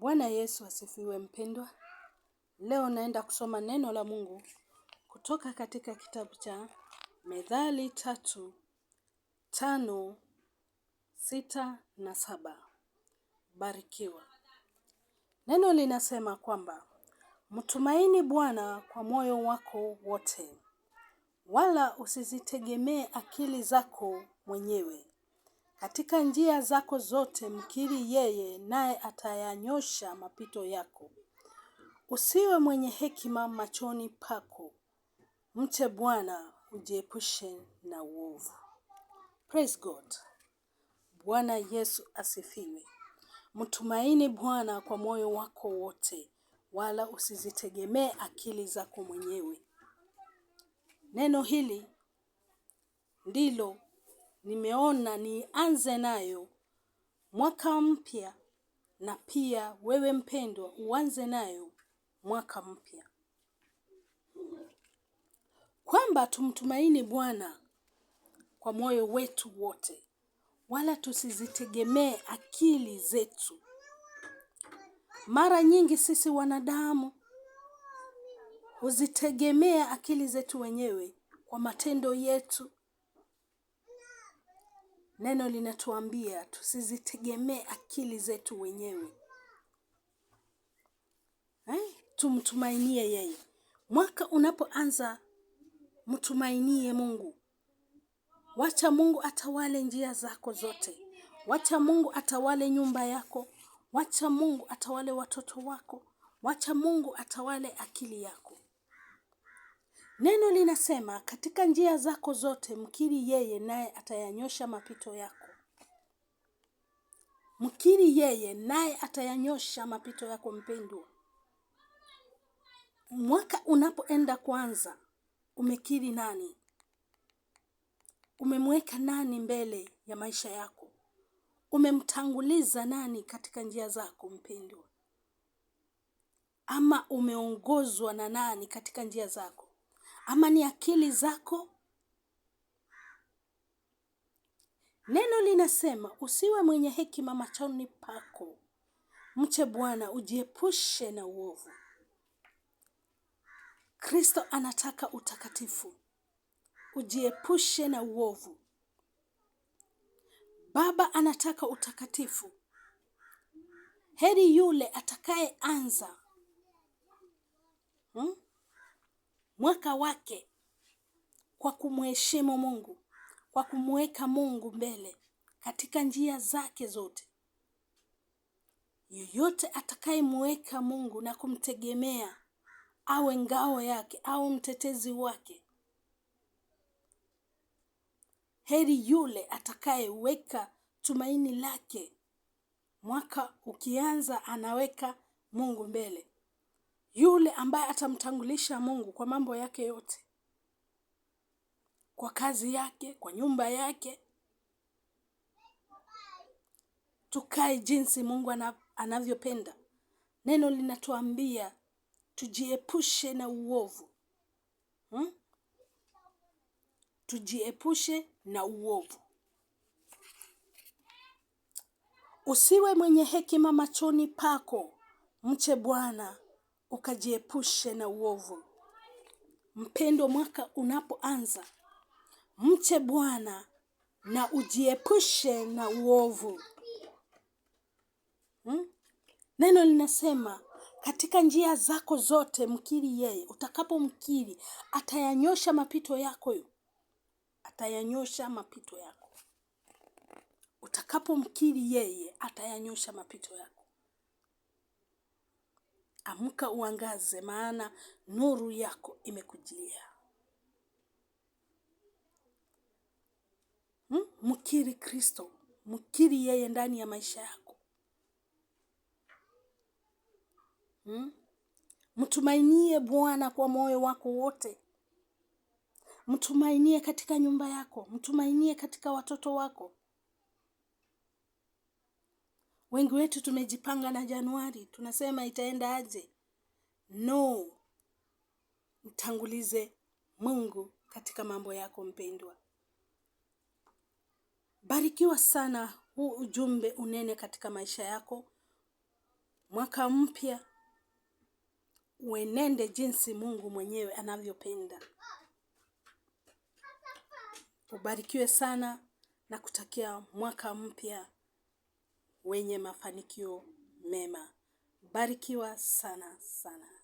Bwana Yesu asifiwe mpendwa. Leo naenda kusoma neno la Mungu kutoka katika kitabu cha Methali tatu tano sita na saba. Barikiwa. Neno linasema kwamba mtumaini Bwana kwa moyo wako wote, wala usizitegemee akili zako mwenyewe, katika njia zako zote mkiri yeye, naye atayanyosha mapito yako. Usiwe mwenye hekima machoni pako, mche Bwana, ujiepushe na uovu. Praise God. Bwana Yesu asifiwe. Mtumaini Bwana kwa moyo wako wote, wala usizitegemee akili zako mwenyewe. Neno hili ndilo nimeona nianze nayo mwaka mpya, na pia wewe mpendwa uanze nayo mwaka mpya, kwamba tumtumaini Bwana kwa moyo wetu wote, wala tusizitegemee akili zetu. Mara nyingi sisi wanadamu huzitegemea akili zetu wenyewe kwa matendo yetu, Neno linatuambia tusizitegemee akili zetu wenyewe eh? Tumtumainie yeye. Mwaka unapoanza, mtumainie Mungu. Wacha Mungu atawale njia zako zote. Wacha Mungu atawale nyumba yako. Wacha Mungu atawale watoto wako. Wacha Mungu atawale akili yako. Neno linasema katika njia zako zote mkiri yeye naye atayanyosha mapito yako. Mkiri yeye naye atayanyosha mapito yako mpendwa. Mwaka unapoenda kwanza, umekiri nani? Umemweka nani mbele ya maisha yako? Umemtanguliza nani katika njia zako mpendwa? Ama umeongozwa na nani katika njia zako? ama ni akili zako? Neno linasema usiwe mwenye hekima machoni pako, mche Bwana, ujiepushe na uovu. Kristo anataka utakatifu, ujiepushe na uovu. Baba anataka utakatifu. Heri yule atakayeanza hmm? mwaka wake kwa kumheshimu Mungu, kwa kumweka Mungu mbele katika njia zake zote. Yoyote atakayemweka Mungu na kumtegemea awe ngao yake au mtetezi wake, heri yule atakayeweka tumaini lake. Mwaka ukianza, anaweka Mungu mbele yule ambaye atamtangulisha Mungu kwa mambo yake yote, kwa kazi yake, kwa nyumba yake. Tukae jinsi Mungu anavyopenda. Neno linatuambia tujiepushe na uovu hmm? Tujiepushe na uovu. Usiwe mwenye hekima machoni pako, mche Bwana ukajiepushe na uovu. Mpendo, mwaka unapoanza, mche Bwana na ujiepushe na uovu hmm? Neno linasema katika njia zako zote mkiri yeye. Utakapomkiri atayanyosha mapito yako yu. Atayanyosha mapito yako. Utakapomkiri yeye atayanyosha mapito yako amka uangaze, maana nuru yako imekujilia. Hmm? Mkiri Kristo, mkiri yeye ndani ya maisha yako. Hmm? Mtumainie Bwana kwa moyo wako wote, mtumainie katika nyumba yako, mtumainie katika watoto wako, Wengi wetu tumejipanga na Januari, tunasema itaenda aje? No, mtangulize Mungu katika mambo yako mpendwa. Barikiwa sana, huu ujumbe unene katika maisha yako. Mwaka mpya uenende jinsi Mungu mwenyewe anavyopenda. Ubarikiwe sana na kutakia mwaka mpya wenye mafanikio mema. Barikiwa sana sana.